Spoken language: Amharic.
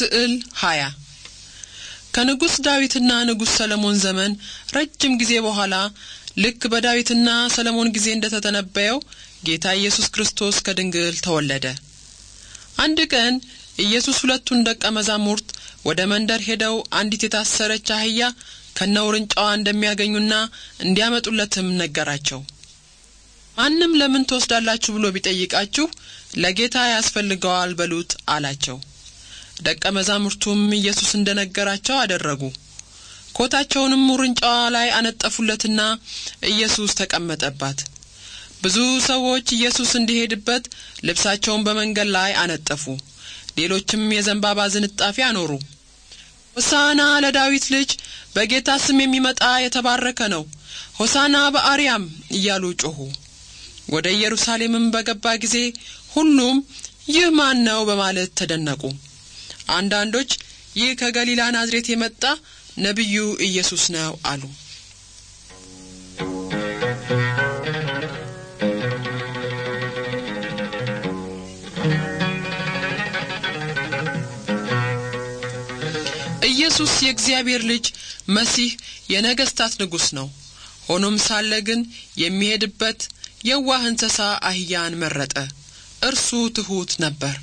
ስዕል 20 ከንጉሥ ዳዊትና ንጉሥ ሰለሞን ዘመን ረጅም ጊዜ በኋላ ልክ በዳዊትና ሰለሞን ጊዜ እንደተተነበየው ጌታ ኢየሱስ ክርስቶስ ከድንግል ተወለደ። አንድ ቀን ኢየሱስ ሁለቱን ደቀ መዛሙርት ወደ መንደር ሄደው አንዲት የታሰረች አህያ ከነውርንጫዋ እንደሚያገኙና እንዲያመጡለትም ነገራቸው። ማንም ለምን ትወስዳላችሁ ብሎ ቢጠይቃችሁ ለጌታ ያስፈልገዋል በሉት አላቸው። ደቀ መዛሙርቱም ኢየሱስ እንደነገራቸው አደረጉ። ኮታቸውንም ውርንጫዋ ላይ አነጠፉለትና ኢየሱስ ተቀመጠባት። ብዙ ሰዎች ኢየሱስ እንዲሄድበት ልብሳቸውን በመንገድ ላይ አነጠፉ። ሌሎችም የዘንባባ ዝንጣፊ አኖሩ። ሆሳና ለዳዊት ልጅ በጌታ ስም የሚመጣ የተባረከ ነው፣ ሆሳና በአርያም እያሉ ጮኹ። ወደ ኢየሩሳሌምም በገባ ጊዜ ሁሉም ይህ ማን ነው በማለት ተደነቁ። አንዳንዶች ይህ ከገሊላ ናዝሬት የመጣ ነቢዩ ኢየሱስ ነው አሉ። ኢየሱስ የእግዚአብሔር ልጅ መሲህ የነገስታት ንጉሥ ነው። ሆኖም ሳለ ግን የሚሄድበት የዋህ እንስሳ አህያን መረጠ። እርሱ ትሑት ነበር።